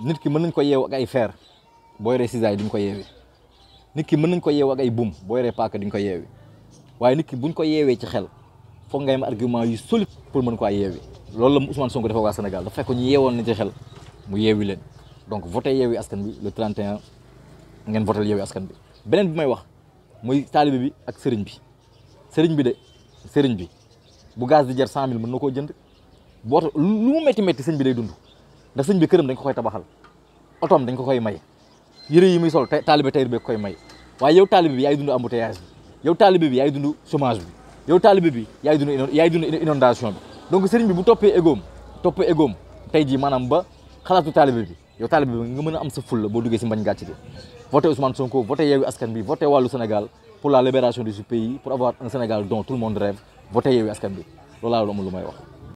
nit ki mën nañ ko yeew ak ay feer boo yoree cisaille duñ ko yeewee nit ki mën nañ ko yeew ak ay buum boo yoree paaka duñ ko yeewee waaye nit ki buñ ko yeewee ci xel foog nga am argument yu solit pour mën ko ay yeewee loolu la Ousmane Sonko def waa senegal dafa fekk ñu yeewoon na ci xel mu yeewi leen donc voté yeewi askan bi le 31 ngeen voté yeewi askan bi beneen bi may wax muy taalibe bi ak sëriñ bi sëriñ bi de sëriñ bi bu gaz di jar 100000 mën na koo jënd boo lu mu métti métti sëñ bi day dund. ndax sëñ bi këram dañ ko koy tabaxal otoom dañ ko koy may yëre yi muy sol taalibe tayir bi koy may waaye yow taalibe bi yaay dund embouteillage bi yow taalibe bi yaay dund chômage bi yow bi yaay dund yaay dund inondation bi donc sëriñ bi bu toppee égoom toppee égoom tey jii maanaam ba xalaatu taalibe bi yow taalibe bi nga mën a am sa fulla boo duggee si mbañ gàcce gi voté Ousmane Sonko voté Yewwi Askan bi voté wàllu Sénégal pour la libération de ce pays pour avoir un Sénégal dont tout le monde rêve voté Yewwi Askan bi loolu lu may wax